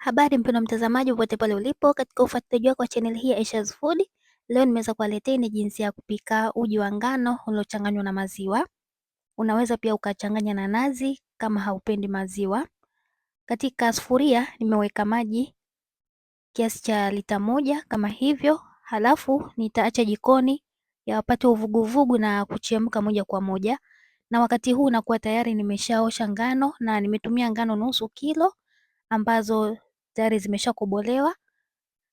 Habari mpendwa mtazamaji, popote pale ulipo katika ufuatiliaji wako wa channel hii ya Aisha's Food. Leo nimeweza kuwaletea ni jinsi ya kupika uji wa ngano uliochanganywa na maziwa. Unaweza pia ukachanganya na nazi kama haupendi maziwa. Katika sufuria nimeweka maji kiasi cha lita moja kama hivyo, halafu nitaacha jikoni yapate uvuguvugu na kuchemka moja kwa moja, na wakati huu nakuwa tayari nimeshaosha ngano na nimetumia ngano nusu kilo ambazo tayari zimeshakobolewa.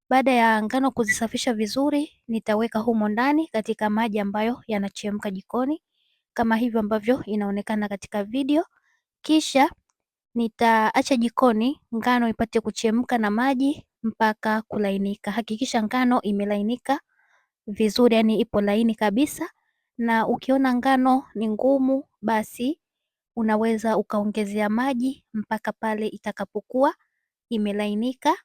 Baada ya ngano kuzisafisha vizuri, nitaweka humo ndani katika maji ambayo yanachemka jikoni kama hivyo ambavyo inaonekana katika video. Kisha nitaacha jikoni ngano ipate kuchemka na maji mpaka kulainika. Hakikisha ngano imelainika vizuri, yani ipo laini kabisa, na ukiona ngano ni ngumu, basi unaweza ukaongezea maji mpaka pale itakapokuwa imelainika.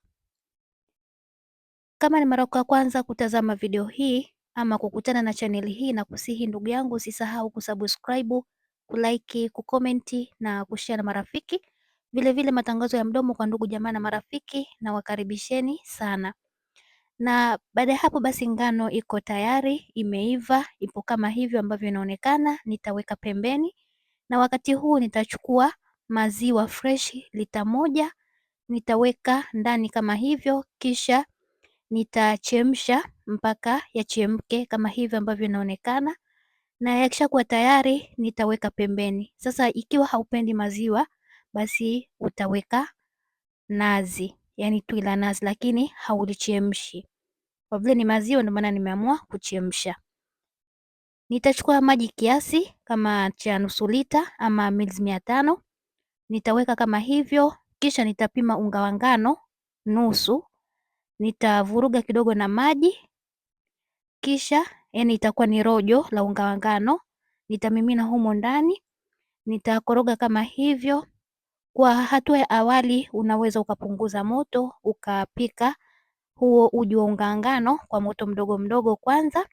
Kama ni mara ya kwanza kutazama video hii ama kukutana na chaneli hii, na kusihi ndugu yangu, usisahau kusubscribe, kulike, kukomenti na kushare na marafiki. Vilevile vile matangazo ya mdomo kwa ndugu jamaa na marafiki, na wakaribisheni sana. Na baada ya hapo basi, ngano iko tayari, imeiva, ipo kama hivyo ambavyo inaonekana. Nitaweka pembeni, na wakati huu nitachukua maziwa freshi lita moja Nitaweka ndani kama hivyo, kisha nitachemsha mpaka yachemke kama hivyo ambavyo inaonekana, na yakisha kuwa tayari nitaweka pembeni. Sasa ikiwa haupendi maziwa, basi utaweka nazi, yani tui la nazi, lakini haulichemshi. Kwa vile ni maziwa, ndio maana nimeamua kuchemsha. Nitachukua maji kiasi kama cha nusu lita ama mils mia tano nitaweka kama hivyo kisha nitapima unga wa ngano nusu, nitavuruga kidogo na maji, kisha yani itakuwa ni rojo la unga wa ngano, nitamimina humo ndani, nitakoroga kama hivyo. Kwa hatua ya awali unaweza ukapunguza moto ukapika huo uji wa unga wa ngano kwa moto mdogo mdogo kwanza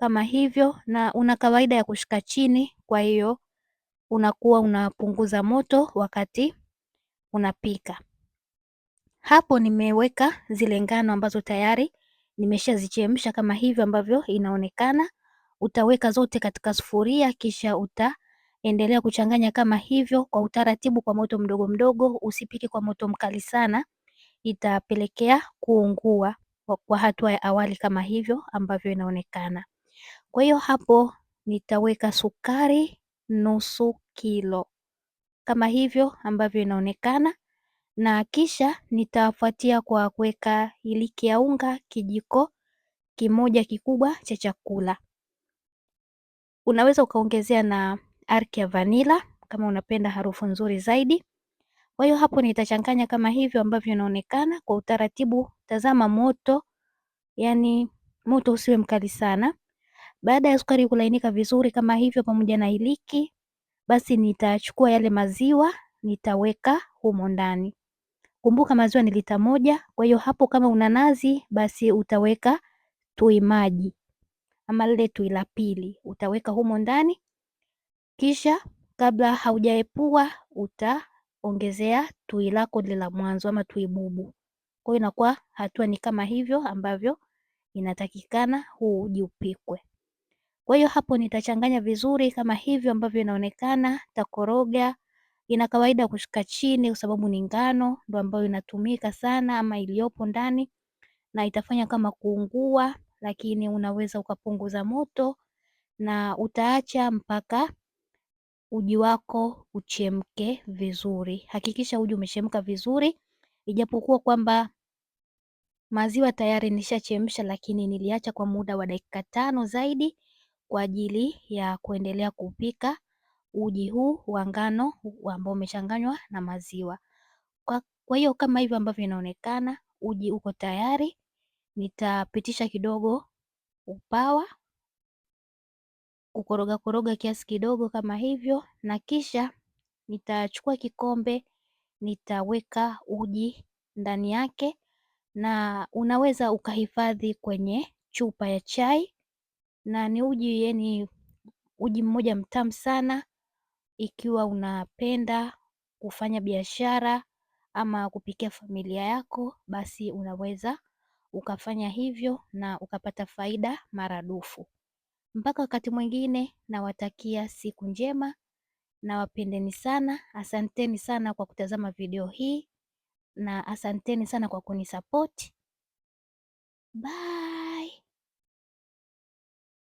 kama hivyo, na una kawaida ya kushika chini, kwa hiyo unakuwa unapunguza moto wakati unapika. Hapo nimeweka zile ngano ambazo tayari nimeshazichemsha kama hivyo ambavyo inaonekana. Utaweka zote katika sufuria kisha utaendelea kuchanganya kama hivyo kwa utaratibu kwa moto mdogo mdogo, usipike kwa moto mkali sana itapelekea kuungua kwa hatua ya awali kama hivyo ambavyo inaonekana. Kwa hiyo hapo nitaweka sukari nusu kilo kama hivyo ambavyo inaonekana na kisha nitafuatia kwa kuweka iliki ya unga kijiko kimoja kikubwa cha chakula. Unaweza ukaongezea na arki ya vanila kama unapenda harufu nzuri zaidi. Kwa hiyo hapo nitachanganya kama hivyo ambavyo inaonekana kwa utaratibu. Tazama moto, yani moto usiwe mkali sana. Baada ya sukari kulainika vizuri kama hivyo pamoja na iliki basi nitachukua yale maziwa nitaweka humo ndani. Kumbuka maziwa ni lita moja, kwa hiyo hapo kama una nazi basi utaweka tui maji ama lile tui la pili utaweka humo ndani, kisha kabla haujaepua utaongezea tui lako lile la mwanzo ama tui bubu. Kwa hiyo inakuwa hatua ni kama hivyo ambavyo inatakikana huu uji upikwe. Kwa hiyo hapo nitachanganya vizuri kama hivyo ambavyo inaonekana, takoroga ina kawaida kushika chini kwa sababu ni ngano ndo ambayo inatumika sana ama iliyopo ndani na itafanya kama kuungua, lakini unaweza ukapunguza moto na utaacha mpaka uji wako uchemke vizuri. Hakikisha uji umechemka vizuri, ijapokuwa kwamba maziwa tayari nishachemsha, lakini niliacha kwa muda wa dakika tano zaidi kwa ajili ya kuendelea kupika uji huu wa ngano ambao umechanganywa na maziwa. Kwa hiyo kama hivyo ambavyo inaonekana uji uko tayari, nitapitisha kidogo upawa kukoroga koroga kiasi kidogo kama hivyo, na kisha nitachukua kikombe nitaweka uji ndani yake na unaweza ukahifadhi kwenye chupa ya chai na ni uji yani uji mmoja mtamu sana. Ikiwa unapenda kufanya biashara ama kupikia familia yako, basi unaweza ukafanya hivyo na ukapata faida maradufu. Mpaka wakati mwingine, nawatakia siku njema, nawapendeni sana. Asanteni sana kwa kutazama video hii na asanteni sana kwa kunisapoti. Bye.